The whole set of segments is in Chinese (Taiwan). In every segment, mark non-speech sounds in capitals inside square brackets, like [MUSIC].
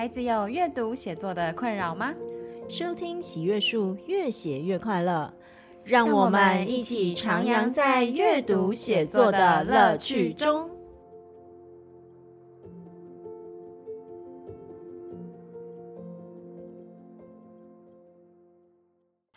孩子有閱讀寫作的困擾嗎？收聽《喜閱樹越寫越快樂》，讓我們一起徜徉在閱讀寫作的樂趣中。趣中。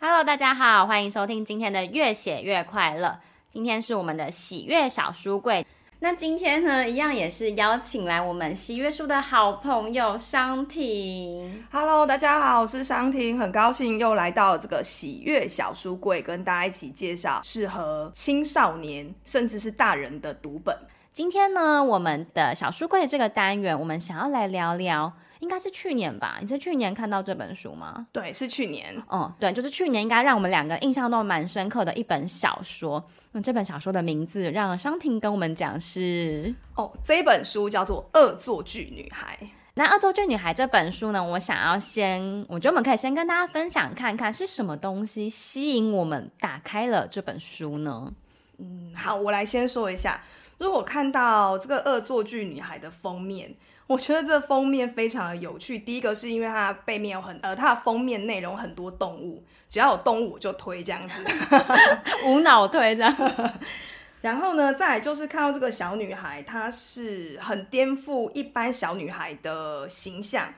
Hello，大家好，歡迎收聽今天的《越寫越快樂》。今天是我們的喜閱小書櫃。那今天呢，一樣也是邀請來我們喜閱樹的好朋友商婷。Hello，大家好，我是商婷，很高興又來到這個喜閱小書櫃，跟大家一起介紹適合青少年，甚至是大人的讀本。今天呢，我們的小書櫃這個單元，我們想要來聊聊。應該是去年吧？你是去年看到這本書嗎？對，是去年。哦，對，就是去年，應該讓我們兩個印象都蠻深刻的一本小說。那這本小說的名字，讓商婷跟我們講是哦，這本書叫做《惡作劇女孩》。那《惡作劇女孩》這本書呢，我想要先，我覺得我們可以先跟大家分享看看是什麼東西吸引我們打開了這本書呢？嗯，好，我來先說一下，如果看到這個《惡作劇女孩》的封面。我覺得這封面非常的有趣。第一個是因為它背面有很呃，它的封面內容很多動物，只要有動物我就推這樣子， [LAUGHS] [LAUGHS] 無腦推這樣子。 [LAUGHS] 然後呢，再來就是看到這個小女孩，她是很顛覆一般小女孩的形象。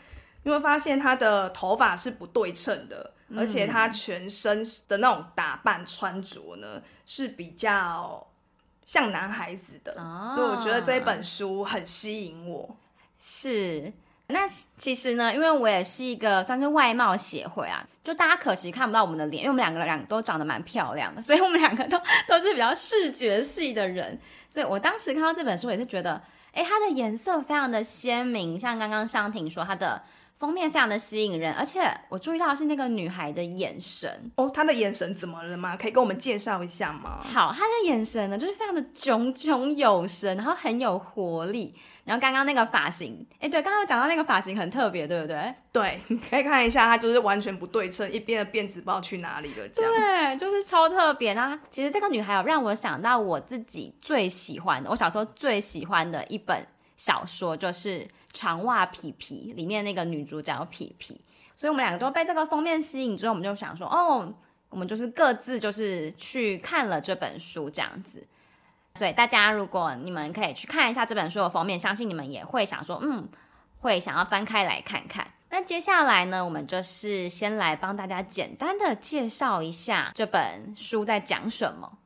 因為發現她的頭髮是不對稱的，嗯、而且她全身的那種打扮穿着呢是比較像男孩子的，哦、所以我覺得這本書很吸引我。是，那其實呢，因為我也是一個算是外貌協會啊，就大家可惜看不到我們的臉，因為我們兩個兩個都長得蠻漂亮的，所以我們兩個都都是比較視覺系的人。所以我當時看到這本書，也是覺得，誒、欸，它的顏色非常的鮮明，像剛剛商婷說，它的封面非常的吸引人，而且我注意到的是那個女孩的眼神哦，她的眼神怎麼了嗎？可以跟我們介紹一下嗎？好，她的眼神呢，就是非常的炯炯有神，然後很有活力。然後剛剛那個髮型，哎、欸，對，剛剛講到那個髮型很特別，對不對？對，你可以看一下，它就是完全不對稱，一邊的辮子不知道去哪裡了，這樣對，就是超特別啊！其實這個女孩有讓我想到我自己最喜歡的，我小時候最喜歡的一本小說就是《長襪皮皮》裡面那個女主角皮皮，所以我們兩個都被這個封面吸引之後，我們就想說，哦，我們就是各自就是去看了這本書這樣子。所以，大家如果你們可以去看一下這本書的封面，相信你們也會想說，嗯，會想要翻開來看看。那接下來呢，我們就是先來幫大家簡單的介紹一下這本書在講什麼。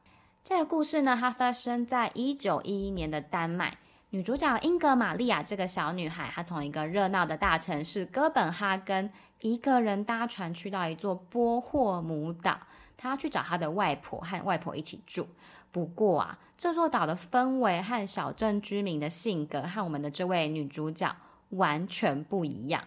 這個故事呢，它發生在一九一一年的丹麥，女主角英格瑪利亞這個小女孩，她從一個熱鬧的大城市哥本哈根，一個人搭船去到一座波霍姆島，她要去找她的外婆，和外婆一起住。不過啊，這座島的氛圍和小鎮居民的性格和我們的這位女主角完全不一樣。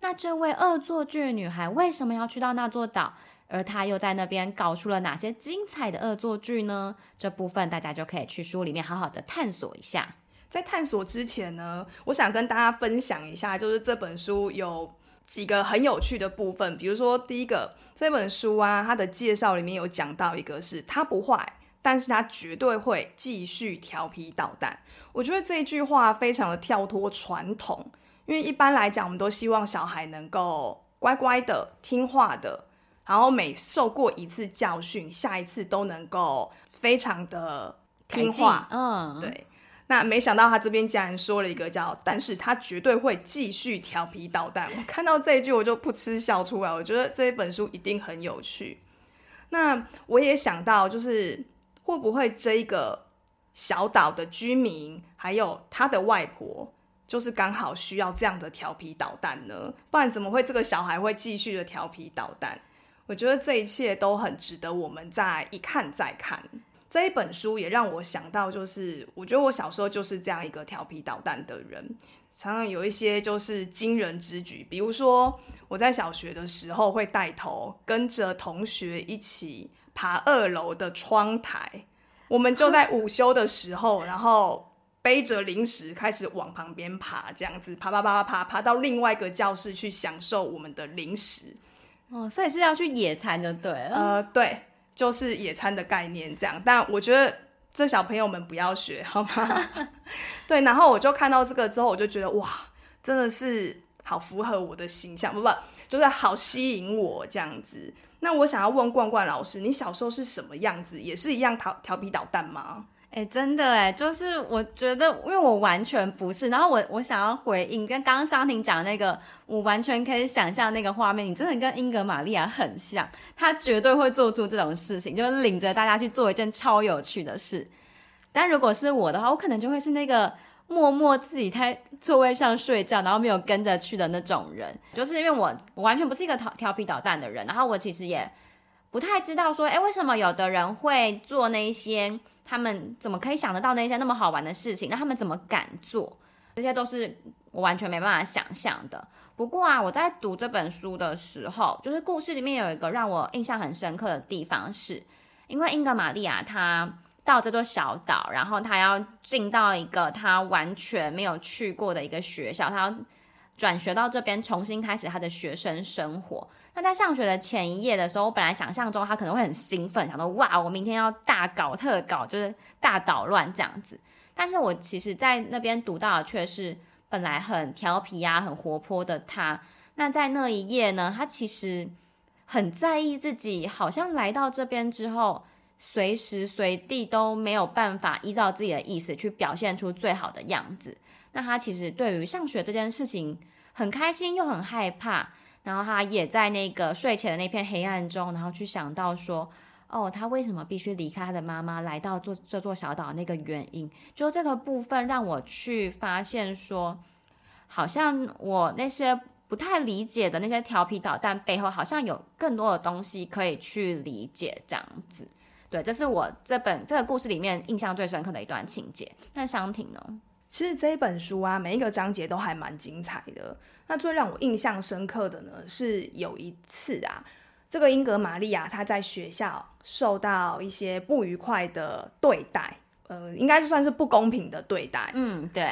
那這位惡作劇女孩為什麼要去到那座島？而她又在那邊搞出了哪些精彩的惡作劇呢？這部分大家就可以去書裡面好好的探索一下。在探索之前呢，我想跟大家分享一下，就是這本書有幾個很有趣的部分。比如說，第一個，這本書啊，它的介紹裡面有講到一個是，是她不壞。但是他絕對會繼續調皮搗蛋。我覺得這一句話非常的跳脫傳統，因為一般來講，我們都希望小孩能夠乖乖的、聽話的，然後每受過一次教訓，下一次都能夠非常的聽話。嗯，哦、對。那沒想到他這邊竟然說了一個叫“但是他絕對會繼續調皮搗蛋”，我看到這一句我就噗嗤笑出來。我覺得這一本書一定很有趣。那我也想到就是。會不會這一個小島的居民，還有他的外婆，就是剛好需要這樣的調皮搗蛋呢？不然怎麼會這個小孩會繼續的調皮搗蛋？我覺得這一切都很值得我們再一看再看。這一本書也讓我想到，就是我覺得我小時候就是這樣一個調皮搗蛋的人，常常有一些就是驚人之舉，比如說我在小學的時候會帶頭跟着同學一起。爬二樓的窗台，我們就在午休的時候， [LAUGHS] 然後背着零食開始往旁邊爬，這樣子爬爬爬爬爬，爬到另外一個教室去享受我們的零食。哦，所以是要去野餐就對了。呃，對，就是野餐的概念這樣，但我覺得這小朋友們不要學好嗎？ [LAUGHS] 對，然後我就看到這個之後，我就覺得哇，真的是好符合我的形象。不不，就是好吸引我這樣子。那我想要問冠冠老師，你小時候是什麼樣子？也是一樣淘調皮搗蛋嗎？哎、欸，真的哎，就是我覺得，因為我完全不是。然後我我想要回應，跟剛剛商婷講的那個，我完全可以想象那個畫面。你真的跟英格瑪莉亞很像，他絕對會做出這種事情，就是領着大家去做一件超有趣的事。但如果是我的話，我可能就會是那個。默默自己在座位上睡覺，然後沒有跟着去的那種人，就是因為我我完全不是一個調，調皮搗蛋的人。然後我其實也不太知道說，誒，為什麼有的人會做那些他們怎麼可以想得到那些那麼好玩的事情？那他們怎麼敢做？這些都是我完全沒辦法想象的。不過啊，我在讀這本書的時候，就是故事裡面有一個讓我印象很深刻的地方是，因為英格瑪利亞她……到這座小島，然後他要進到一個他完全沒有去過的一個學校，他要轉學到這邊，重新開始他的學生生活。那在上學的前一頁前一夜的時候，我本來想象中他可能會很興奮，想到：“哇，我明天要大搞特搞，就是大搗亂這樣子。”但是我其實在那邊讀到的卻是，本來很調皮呀、啊、很活潑的他，那在那一夜呢，他其實很在意自己，好像來到這邊之後。隨時隨地都沒有辦法依照自己的意思去表現出最好的樣子。那他其實對於上學這件事情很開心又很害怕。然後他也在那個睡前的那片黑暗中，然後去想到說：“哦，他為什麼必須離開他的媽媽，來到這這座小島那個原因？”就這個部分讓我去發現說，好像我那些不太理解的那些調皮搗蛋背後，好像有更多的東西可以去理解這樣子。對，這是我這本這個故事裡面印象最深刻的一段情節。那商婷呢？其實這一本書啊，每一個章節都還蠻精彩的。那最讓我印象深刻的呢，是有一次啊，這個英格瑪莉亞她在學校受到一些不愉快的對待，呃，應該算是不公平的對待。嗯，對。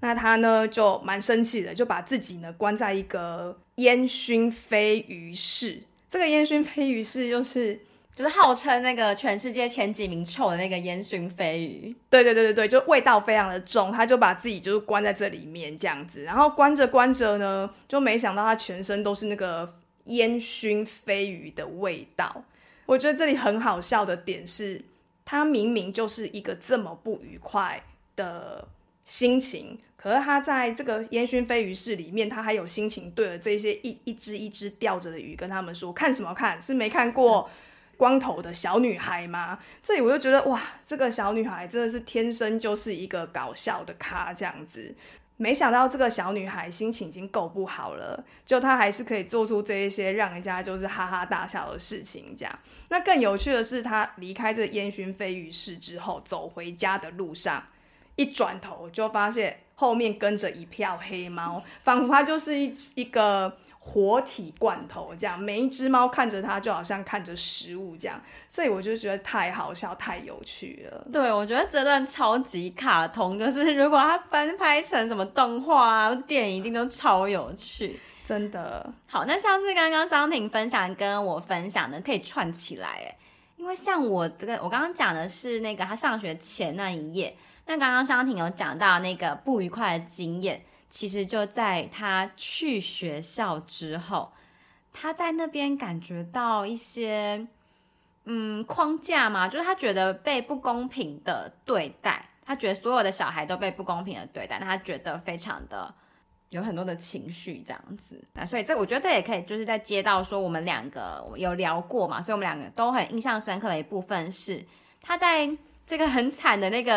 那她呢，就蠻生氣的，就把自己呢關在一個煙燻飛魚室。這個煙燻飛魚室就是。就是號稱那個全世界前幾名臭的那個煙燻鯡魚，對對對對對，就味道非常的重，他就把自己就是關在這裡面這樣子，然後關着關着呢，就沒想到他全身都是那個煙燻鯡魚的味道。我覺得這裡很好笑的點是，他明明就是一個這麼不愉快的心情，可是他在這個煙燻鯡魚室裡面，他還有心情對着這些一一只一只吊着的魚跟他們說：“看什麼看？是沒看過？”嗯光頭的小女孩嗎？這裡我就覺得哇，這個小女孩真的是天生就是一個搞笑的咖這樣子。沒想到這個小女孩心情已經夠不好了，就她還是可以做出這一些讓人家就是哈哈大笑的事情。這樣，那更有趣的是，她離開這煙熏飛魚室之後，走回家的路上，一轉頭就發現後面跟着一票黑貓，仿佛她就是一一個。活體罐頭，這樣，每一隻貓看着它，就好像看着食物這樣，所以我就覺得太好笑，太有趣了。對，我覺得這段超級卡通，就是如果它翻拍成什麼動畫啊、電影，一定都超有趣，真的。好，那像是剛剛商婷分享跟我分享的，可以串起來哎，因為像我這個，我剛剛講的是那個他上學前那一頁，那剛剛商婷有講到那個不愉快的經驗。其實就在他去學校之後，他在那邊感覺到一些嗯，框架嘛，就是他覺得被不公平的對待，他覺得所有的小孩都被不公平的對待，那他覺得非常的有很多的情緒這樣子。那所以這我覺得這也可以就是在接到說我們兩個有聊過嘛，所以我們兩個都很印象深刻的一部分是，他在這個很慘的那個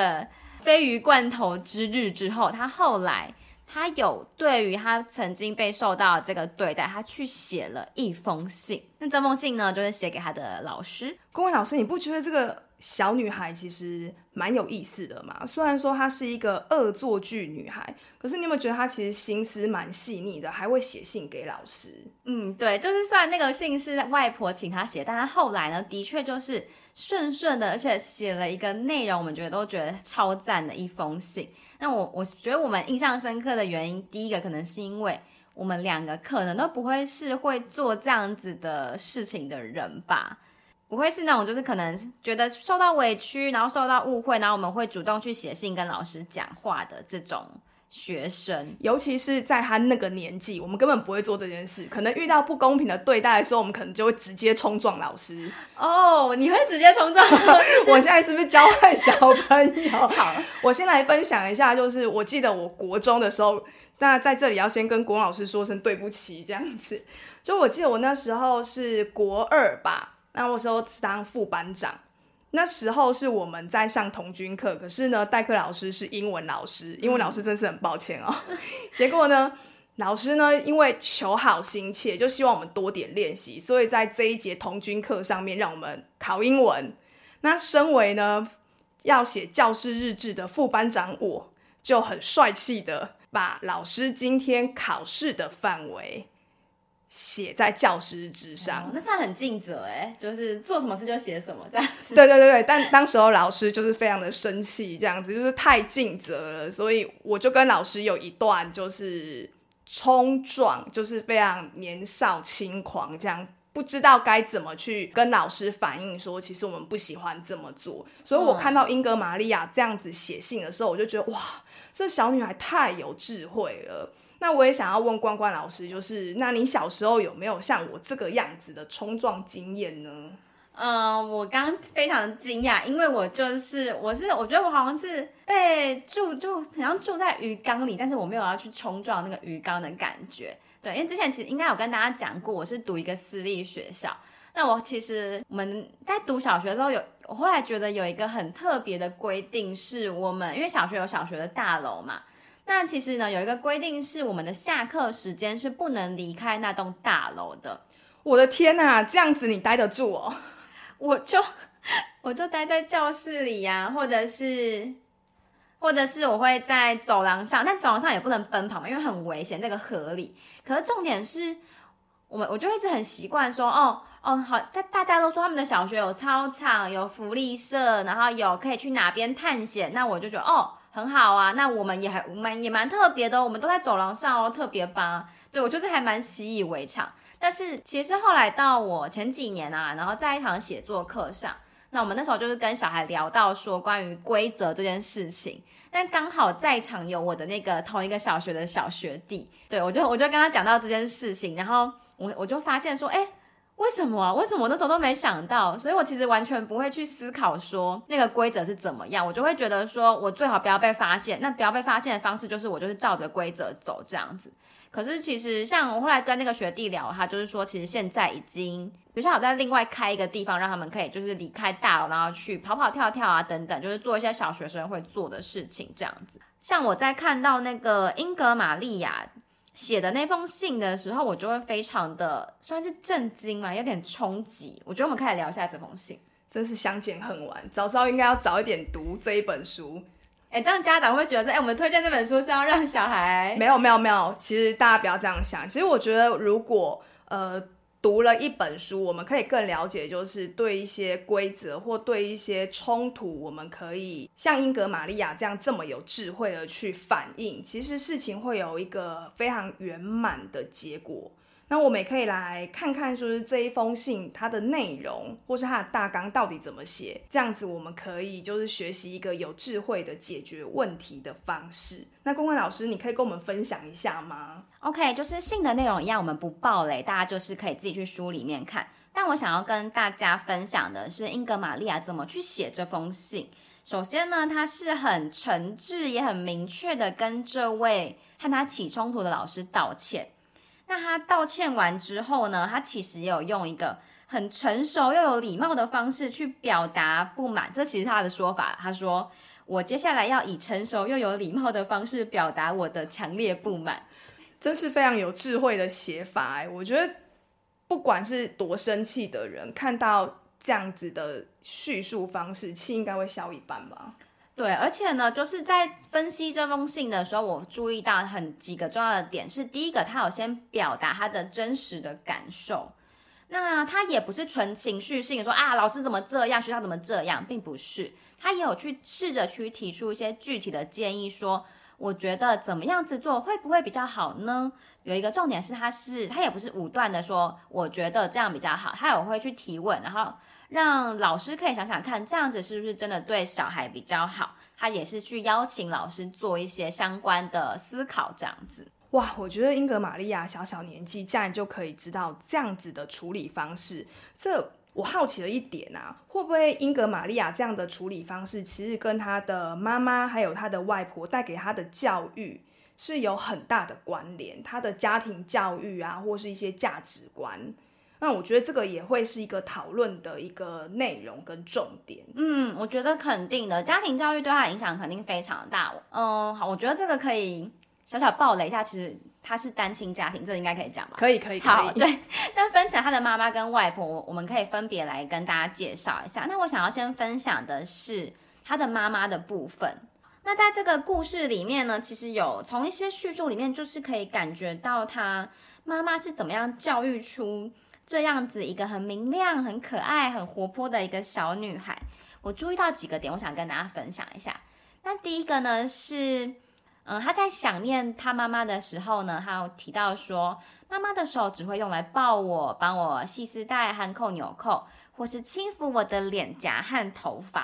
鯡魚罐頭之日之後，他後來。他有對於他曾經被受到這個對待，他去寫了一封信。那這封信呢，就是寫給他的老師。冠冠老師，你不覺得這個小女孩其實蠻有意思的嗎？雖然說她是一個惡作劇女孩，可是你有沒有覺得她其實心思蠻細膩的，還會寫信給老師？嗯，對，就是雖然那個信是外婆請她寫，但她後來呢，的確就是順順的，而且寫了一個內容，我們覺得都覺得超讚的一封信。那我我覺得我們印象深刻的原因，第一個可能是因為我們兩個可能都不會是會做這樣子的事情的人吧，不會是那種就是可能覺得受到委屈，然後受到誤會，然後我們會主動去寫信跟老師講話的這種。學生，尤其是在他那個年紀，我們根本不會做這件事。可能遇到不公平的對待的時候，我們可能就會直接衝撞老師。哦，oh, 你會直接衝撞？ [LAUGHS] 我現在是不是教壞小朋友？ [LAUGHS] 好，我先來分享一下，就是我記得我國中的時候，那在這裡要先跟國老師說聲對不起，這樣子。就我記得我那時候是國二吧，那我時候是當副班長。那時候是我們在上童軍課，可是呢，代課老師是英文老師，英文老師真是很抱歉哦。嗯、 [LAUGHS] 結果呢，老師呢因為求好心切，就希望我們多點練習，所以在這一節童軍課上面讓我們考英文。那身為呢要寫教師日志的副班長我，我就很帥氣的把老師今天考試的範圍。寫在教師之上，哦，那算很盡責哎，就是做什麼事就寫什麼這樣子。對 [LAUGHS] 對對對，但當時候老師就是非常的生氣，這樣子就是太盡責了，所以我就跟老師有一段就是衝撞，就是非常年少輕狂，這樣不知道該怎麼去跟老師反映，說其實我們不喜歡這麼做。所以我看到英格瑪莉亞這樣子寫信的時候，我就覺得哇，這小女孩太有智慧了。那我也想要問冠冠老師，就是那你小時候有沒有像我這個樣子的衝撞經驗呢？嗯、呃，我剛剛非常驚訝，因為我就是我是我覺得我好像是被住，就好像住在魚缸裡，但是我沒有要去衝撞那個魚缸的感覺。對，因為之前其實應該有跟大家講過，我是讀一個私立學校。那我其實我們在讀小學的時候有，我後來覺得有一個很特別的規定，是我們因為小學有小學的大樓嘛。那其實呢，有一個規定是，我們的下課時間是不能離開那棟大樓的。我的天吶、啊，這樣子你待得住哦？我就我就待在教室裡呀、啊，或者是或者是我會在走廊上，但走廊上也不能奔跑嘛，因為很危險。這個合理。可是重點是，我們我就一直很習慣說，哦哦，好，大大家都說他們的小學有操場，有福利社，然後有可以去哪邊探險，那我就覺得哦。很好啊，那我們也還我們也蠻特別的，我們都在走廊上哦，特別吧？對，我就是還蠻習以為常，但是其實後來到我前幾年啊，然後在一堂寫作課上，那我們那時候就是跟小孩聊到說關於規則這件事情，但剛好在場有我的那個同一個小學的小學弟，對，我就我就跟他講到這件事情，然後我我就發現說，誒、欸。為什麼啊？為什麼我那時候都沒想到？所以我其實完全不會去思考說那個規則是怎麼樣，我就會覺得說我最好不要被發現。那不要被發現的方式就是我就是照着規則走這樣子。可是其實像我後來跟那個學弟聊，他就是說，其實現在已經比較好，在另外開一個地方，讓他們可以就是離開大樓，然後去跑跑跳跳啊等等，就是做一些小學生會做的事情這樣子。像我在看到那個英格瑪利亞，寫的那封信的時候，我就會非常的算是震驚嘛，有點衝擊。我覺得我們可以聊一下這封信，真是相見恨晚。早知道應該要早一點讀這一本書。哎，這樣家長會覺得說，哎，我們推薦這本書是要讓小孩……沒有，沒有，沒有。其實大家不要這樣想。其實我覺得，如果呃。讀了一本書，我們可以更了解，就是對一些規則或對一些衝突，我們可以像英格瑪利亞這樣這麼有智慧的去反應，其實事情會有一個非常圓滿的結果。那我們也可以來看看，就是這一封信它的內容，或是它的大綱到底怎麼寫。這樣子，我們可以就是學習一個有智慧的解決問題的方式。那冠冠老師，你可以跟我們分享一下嗎？OK，就是信的內容一樣，我們不爆雷，大家就是可以自己去書裡面看。但我想要跟大家分享的是，英格瑪莉亞怎麼去寫這封信。首先呢，他是很誠摯也很明確的跟這位和他起衝突的老師道歉。那他道歉完之後呢？他其實有用一個很成熟又有禮貌的方式去表達不滿。這其實他的說法，他說：“我接下來要以成熟又有禮貌的方式表達我的強烈不滿。”真是非常有智慧的寫法哎、欸！我覺得，不管是多生氣的人，看到這樣子的敘述方式，氣應該會消一半吧。對，而且呢，就是在分析這封信的時候，我注意到很幾個重要的點是：第一個，他有先表達他的真實的感受，那他也不是純情緒性說啊，老師怎麼這樣，學校怎麼這樣，並不是，他也有去試着去提出一些具體的建議說，說我覺得怎麼樣子做會不會比較好呢？有一個重點是，是，他是他也不是武斷的說我覺得這樣比較好，他也會去提問，然後。讓老師可以想想看，這樣子是不是真的對小孩比較好？他也是去邀請老師做一些相關的思考，這樣子。哇，我覺得英格瑪利亞小小年紀這樣就可以知道這樣子的處理方式，這我好奇了一點啊，會不會英格瑪利亞這樣的處理方式其實跟他的媽媽還有他的外婆帶給他的教育是有很大的關聯，他的家庭教育啊，或是一些價值觀。那我覺得這個也會是一個討論的一個內容跟重點。嗯，我覺得肯定的，家庭教育對他影響肯定非常大哦。嗯，好，我覺得這個可以小小爆雷一下，其實他是單親家庭，這個應該可以講吧？可以，可以，可以。好，對。那分享他的媽媽跟外婆，我們可以分別來跟大家介紹一下。那我想要先分享的是他的媽媽的部分。那在這個故事裡面呢，其實有從一些敘述裡面，就是可以感覺到他媽媽是怎麼樣教育出。這樣子一個很明亮、很可愛、很活潑的一個小女孩，我注意到幾個點，我想跟大家分享一下。那第一個呢是，嗯，她在想念她媽媽的時候呢，她有提到說，媽媽的手只會用來抱我、幫我繫絲帶和扣紐扣，或是輕撫我的臉頰和頭髮。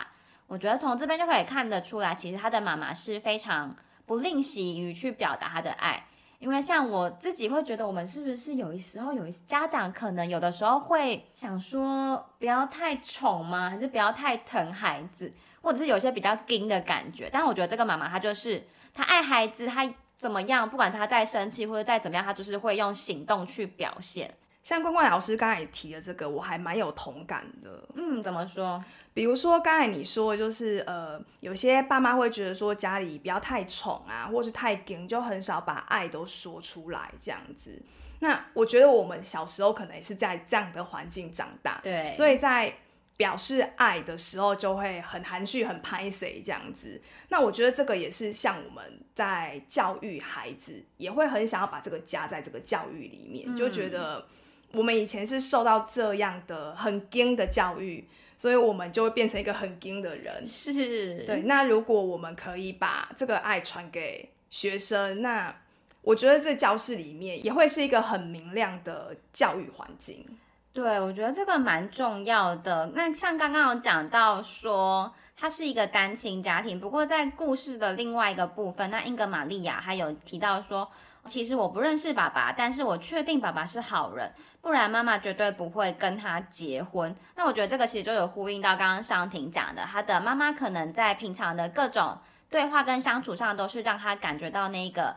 我覺得從這邊就可以看得出來，其實她的媽媽是非常不吝惜於去表達她的愛。因為像我自己會覺得，我們是不是有一時候有一些家長可能有的時候會想說，不要太寵嘛，還是不要太疼孩子，或者是有些比較盯的感覺。但我覺得這個媽媽她就是，她愛孩子，她怎麼樣，不管她再生氣或者再怎麼樣，她就是會用行動去表現。像冠冠老師剛才也提的這個，我還蠻有同感的。嗯，怎麼說？比如說剛才你說，就是呃，有些爸媽會覺得說家裡不要太寵啊，或是太緊，就很少把愛都說出來這樣子。那我覺得我們小時候可能也是在這樣的環境長大，對，所以在表示愛的時候就會很含蓄、很拍謝這樣子。那我覺得這個也是像我們在教育孩子，也會很想要把這個加在這個教育裡面，就覺得。我們以前是受到這樣的很硬的教育，所以我們就會變成一個很硬的人。是，對。那如果我們可以把這個愛傳給學生，那我覺得這教室裡面也會是一個很明亮的教育環境。對，我覺得這個蠻重要的。那像剛剛有講到說，他是一個單親家庭，不過在故事的另外一個部分，那英格瑪利亞還有提到說。其實我不認識爸爸，但是我確定爸爸是好人，不然媽媽絕對不會跟他結婚。那我覺得這個其實就有呼應到剛剛商婷講的，他的媽媽可能在平常的各種對話跟相處上，都是讓他感覺到那一個，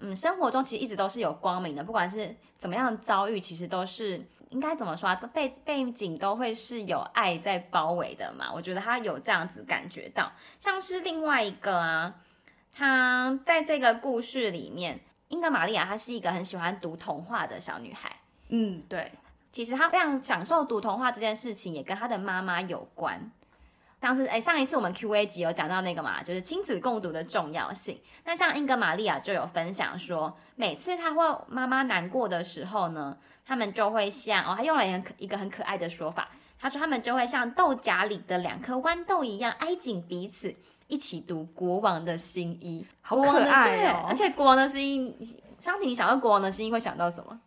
嗯，生活中其實一直都是有光明的，不管是怎麼樣遭遇，其實都是應該怎麼說啊，這背背景都會是有愛在包圍的嘛。我覺得他有這樣子感覺到，像是另外一個啊，他在這個故事裡面。英格瑪莉亞，她是一個很喜歡讀童話的小女孩。嗯，對，其實她非常享受讀童話這件事情，也跟她的媽媽有關。當時，哎、欸，上一次我們 Q&A 集有講到那個嘛，就是親子共讀的重要性。那像英格瑪莉亞就有分享說，每次她或媽媽難過的時候呢，他們就會像哦，她用了很可一個很可愛的說法，她說他們就會像豆莢裡的兩顆豌豆一樣挨緊彼此。一起讀《國王的新衣》，好可愛哦！而且《國王的新衣》，商婷你想到《國王的新衣》會想到什麼？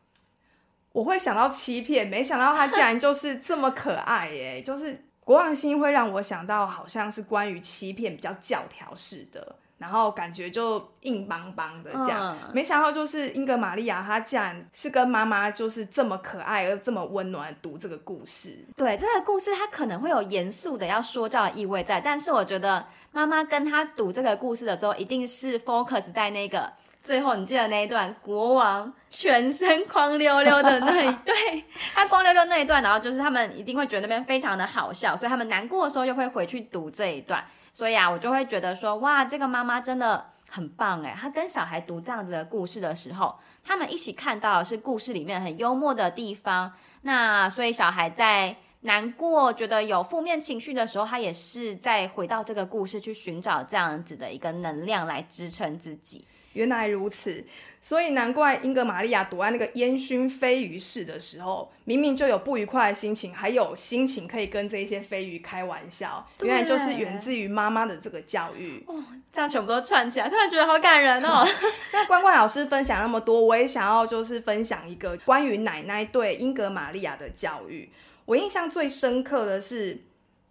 我會想到欺騙，沒想到他竟然就是這麼可愛耶、欸！ [LAUGHS] 就是《國王的新衣》會讓我想到好像是關於欺騙比較教條式的。然後感覺就硬邦邦的這樣，嗯，沒想到就是英格瑪利亞，她講是跟媽媽就是這麼可愛又這麼溫暖讀這個故事。對，這個故事，他可能會有嚴肅的要說教的意味在，但是我覺得媽媽跟他讀這個故事的時候，一定是 focus 在那個最後，你記得那一段國王全身光溜溜的那一段， [LAUGHS] 他光溜溜那一段，然後就是他們一定會覺得那邊非常的好笑，所以他們難過的時候又會回去讀這一段。所以啊，我就會覺得說，哇，這個媽媽真的很棒誒，她跟小孩讀這樣子的故事的時候，他們一起看到的是故事裡面很幽默的地方。那所以小孩在難過、覺得有負面情緒的時候，他也是在回到這個故事去尋找這樣子的一個能量來支撐自己。原來如此，所以難怪英格瑪利亞躲在那個煙燻飛魚室的時候，明明就有不愉快的心情，還有心情可以跟這些飛魚開玩笑。原來就是源自於媽媽的這個教育哦，這樣全部都串起來，突然覺得好感人哦。 [LAUGHS] 那冠冠老師分享那麼多，我也想要就是分享一個關於奶奶對英格瑪利亞的教育。我印象最深刻的是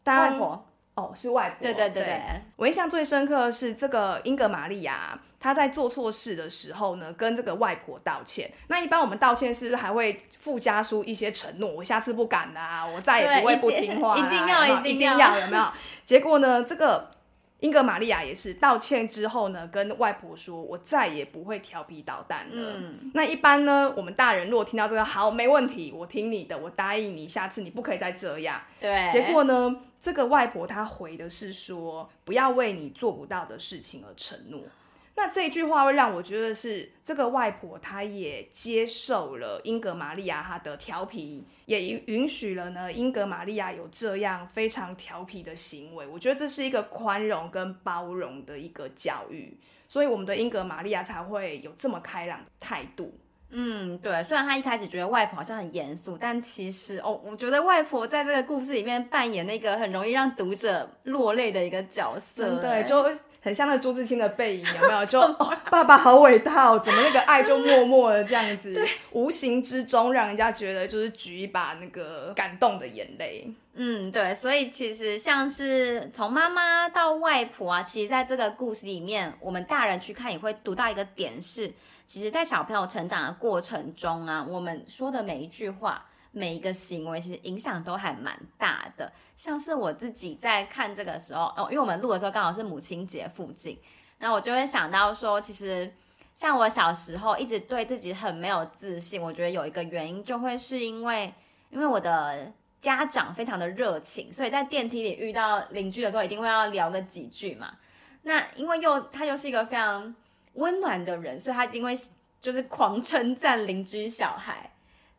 大外婆。哦，是外婆。對對對對，對，我印象最深刻的是這個英格瑪莉亞，她在做錯事的時候呢，跟這個外婆道歉。那一般我們道歉是不是還會附加出一些承諾？我下次不敢啦，啊，我再也不會不聽話啦，啊，一定要一定要，有沒有？結果呢？這個。英格瑪莉亞也是道歉之後呢，跟外婆說：“我再也不會調皮搗蛋了。嗯”那一般呢，我們大人如果聽到這個，好，沒問題，我聽你的，我答應你，下次你不可以再這樣。對，結果呢，這個外婆她回的是說：“不要為你做不到的事情而承諾。”那這一句話會讓我覺得是這個外婆，她也接受了英格瑪利亞她的調皮，也允許了呢。英格瑪利亞有這樣非常調皮的行為，我覺得這是一個寬容跟包容的一個教育，所以我們的英格瑪利亞才會有這麼開朗的態度。嗯，對。雖然她一開始覺得外婆好像很嚴肅，但其實哦，我覺得外婆在這個故事裡面扮演那個很容易讓讀者落淚的一個角色，欸嗯。對，就。很像那朱自清的背影，有沒有？就麼、哦、爸爸好偉大哦，怎麼那個愛就默默的這樣子，嗯、無形之中讓人家覺得就是掬一把那個感動的眼淚。嗯，對，所以其實像是從媽媽到外婆啊，其實在這個故事裡面，我們大人去看也會讀到一個點是，其實，在小朋友成長的過程中啊，我們說的每一句話。每一個行為其實影響都還蠻大的，像是我自己在看這個時候，哦，因為我們錄的時候剛好是母親節附近，那我就會想到說，其實像我小時候一直對自己很沒有自信，我覺得有一個原因就會是因為，因為我的家長非常的熱情，所以在電梯裡遇到鄰居的時候一定會要聊個幾句嘛。那因為又他又是一個非常溫暖的人，所以他一定會就是狂稱讚鄰居小孩。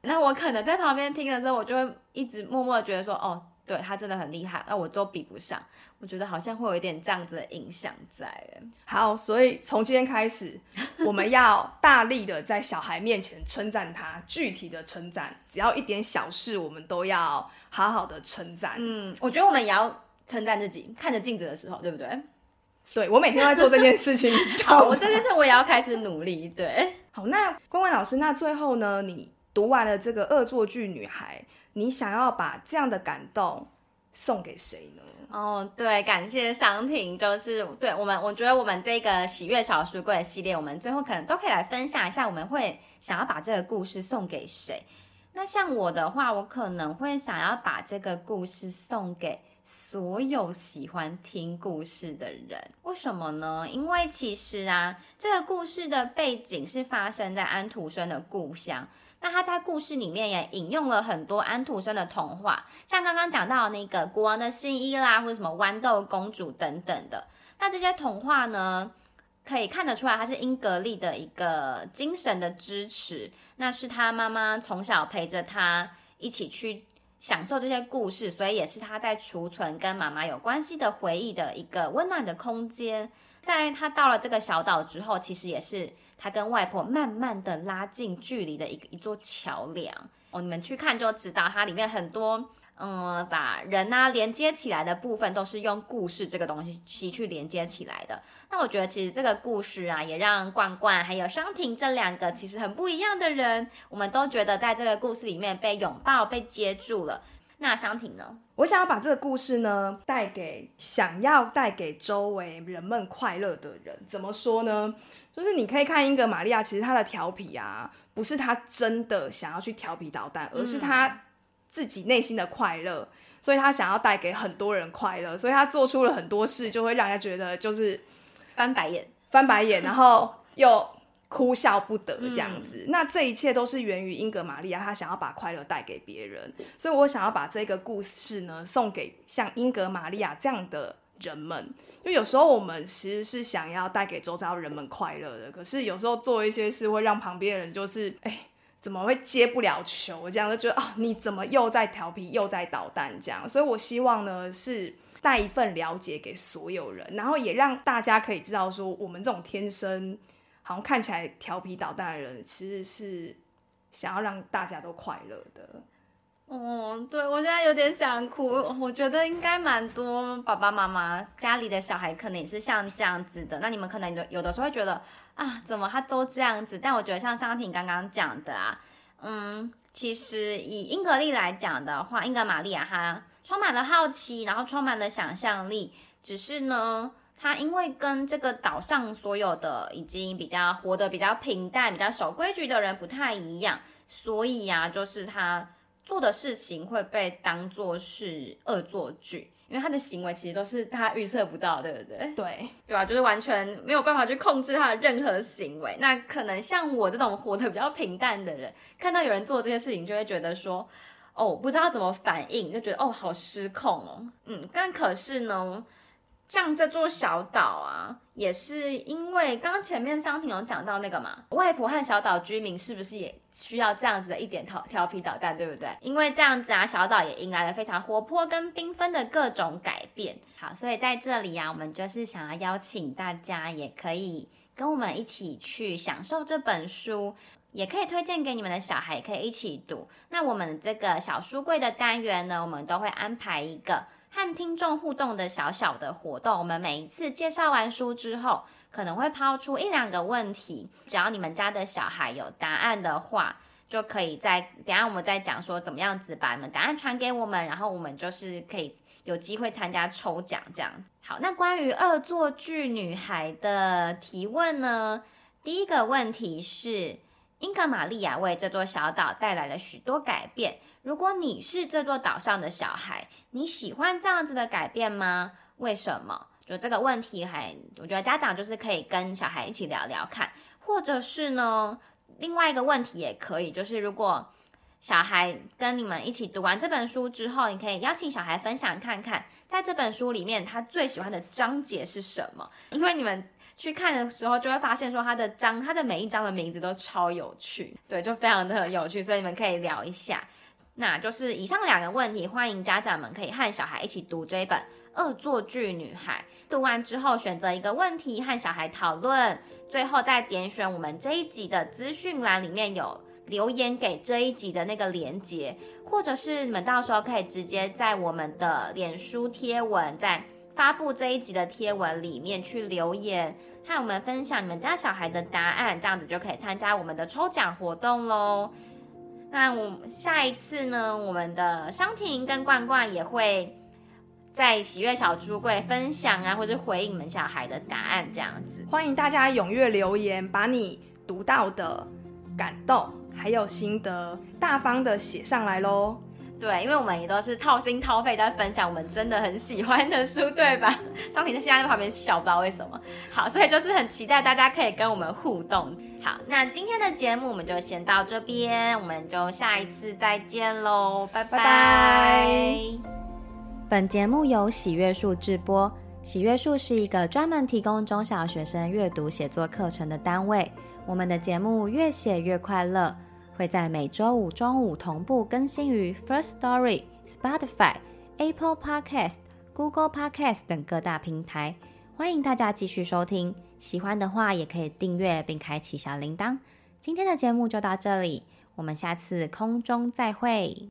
那我可能在旁邊聽的時候，我就會一直默默的覺得說，哦，對，他真的很厲害，那我都比不上。我覺得好像會有一點這樣子的影響在。好，所以從今天開始，我們要大力的在小孩面前稱讚他， [LAUGHS] 具體的稱讚，只要一點小事，我們都要好好的稱讚。嗯，我覺得我們也要稱讚自己，看着鏡子的時候，對不對？對，我每天在做這件事情， [LAUGHS] 你知道嗎？我這件事我也要開始努力。對，好，那冠冠老師，那最後呢，你？讀完了這個惡作劇女孩，你想要把這樣的感動送給誰呢？哦，oh, 對，感謝商婷，就是對我們，我覺得我們這個喜閱小書櫃系列，我們最後可能都可以來分享一下，我們會想要把這個故事送給誰？那像我的話，我可能會想要把這個故事送給所有喜歡聽故事的人。為什麼呢？因為其實啊，這個故事的背景是發生在安徒生的故鄉。那他在故事裡面也引用了很多安徒生的童話，像剛剛講到那個國王的新衣啦，或者什麼豌豆公主等等的，那這些童話呢，可以看得出來，他是英格麗的一個精神的支持，那是他媽媽從小陪着他一起去享受這些故事，所以也是他在儲存跟媽媽有關係的回憶的一個溫暖的空間。在他到了這個小島之後，其實也是他跟外婆慢慢的拉近距離的一個一座橋樑哦。你們去看就知道，它裡面很多嗯，把人啊連接起來的部分都是用故事這個東西去連接起來的。那我覺得其實這個故事啊，也讓冠冠還有商婷這兩個其實很不一樣的人，我們都覺得在這個故事裡面被擁抱、被接住了。那商婷呢？我想要把這個故事呢帶給想要帶給周圍人們快樂的人。怎麼說呢？就是你可以看英格瑪莉亞，其實他的調皮啊，不是他真的想要去調皮搗蛋，而是他自己內心的快樂。嗯、所以他想要帶給很多人快樂，所以他做出了很多事，就會讓人家覺得就是翻白眼， [LAUGHS] 翻白眼，然後又。哭笑不得這樣子，嗯、那這一切都是源於英格瑪莉亞，她想要把快樂帶給別人。所以我想要把這個故事呢送給像英格瑪莉亞這樣的人們，因為有時候我們其實是想要帶給周遭人們快樂的，可是有時候做一些事會讓旁邊的人就是，哎、欸，怎麼會接不了球這樣就覺得哦，你怎麼又在調皮又在搗蛋這樣？所以我希望呢是帶一份了解給所有人，然後也讓大家可以知道說，我們這種天生。好像看起來調皮搗蛋的人，其實是想要讓大家都快樂的。哦，對，我現在有點想哭。對我覺得應該蠻多爸爸媽媽家裡的小孩，可能也是像這樣子的。那你們可能有的時候會覺得啊，怎麼他都這樣子？但我覺得像商婷剛剛講的啊，嗯，其實以英格麗來講的話，英格瑪莉亞哈充滿了好奇，然後充滿了想象力，只是呢。他因為跟這個島上所有的已經比較活得比較平淡、比較守規矩的人不太一樣，所以呀、啊，就是他做的事情會被當做是惡作劇，因為他的行為其實都是他預測不到，對不對？對，對吧、啊？就是完全沒有辦法去控制他的任何行為。那可能像我這種活得比較平淡的人，看到有人做這些事情，就會覺得說，哦，不知道怎麼反應，就覺得哦，好失控哦。嗯，但可是呢，像這，這座小島啊，也是因為剛，剛前面商婷有講到那個嘛，外婆和小島居民是不是也需要這樣子的一點調調，調皮搗蛋，對不對？因為這樣子啊，小島也迎來了非常活潑跟繽紛的各種改變。好，所以在這裡啊，我們就是想要邀請大家，也可以跟我們一起去享受這本書，也可以推薦給你們的小孩，也可以一起讀。那我們這個小書櫃的單元呢，我們都會安排一個。和聽眾互動的小小的活動，我們每一次介紹完書之後，可能會拋出一兩個問題，只要你們家的小孩有答案的話，就可以再等下我們再講說怎麼樣子把你們答案傳給我們，然後我們就是可以有機會參加抽獎這樣子。好，那關於惡作劇女孩的提問呢？第一個問題是。英格瑪莉亞為這座小島帶來了許多改變。如果你是這座島上的小孩，你喜歡這樣子的改變嗎？為什麼？就這個問題還，還我覺得家長就是可以跟小孩一起聊聊看，或者是呢，另外一個問題也可以，就是如果小孩跟你們一起讀完這本書之後，你可以邀請小孩分享看看，在這本書裡面他最喜歡的章節是什麼？因為你們。去看的時候就會發現，說它的章，它的每一章的名字都超有趣，對，就非常的有趣，所以你們可以聊一下。那就是以上兩個問題，歡迎家長們可以和小孩一起讀這一本《惡作劇女孩》，讀完之後選擇一個問題和小孩討論，最後再點選我們這一集的資訊欄裡面有留言給這一集的那個連結，或者是你們到時候可以直接在我們的臉書貼文在。發布這一集的貼文裡面去留言，和我們分享你們家小孩的答案，這樣子就可以參加我們的抽獎活動嘍。那我下一次呢，我們的商婷跟冠冠也會在喜閱小書櫃分享啊，或者回應你們小孩的答案，這樣子，歡迎大家踴躍留言，把你讀到的感動還有心得，大方的寫上來嘍。對，因為我們也都是掏心掏肺在分享我們真的很喜歡的書，對吧？商婷她現在在旁邊笑，不知道為什麼。好，所以就是很期待大家可以跟我們互動。好，那今天的節目我們就先到這邊，我們就下一次再見嘍，拜拜。拜拜。本節目由喜閱樹製播，喜閱樹是一個專門提供中小學生閱讀寫作課程的單位。我們的節目越寫越快樂，會在每周五中午同步更新於 First Story、Spotify、Apple Podcast、Google Podcast 等各大平台，歡迎大家繼續收聽。喜歡的話也可以訂閱並開啟小鈴鐺。今天的節目就到這裡，我們下次空中再會。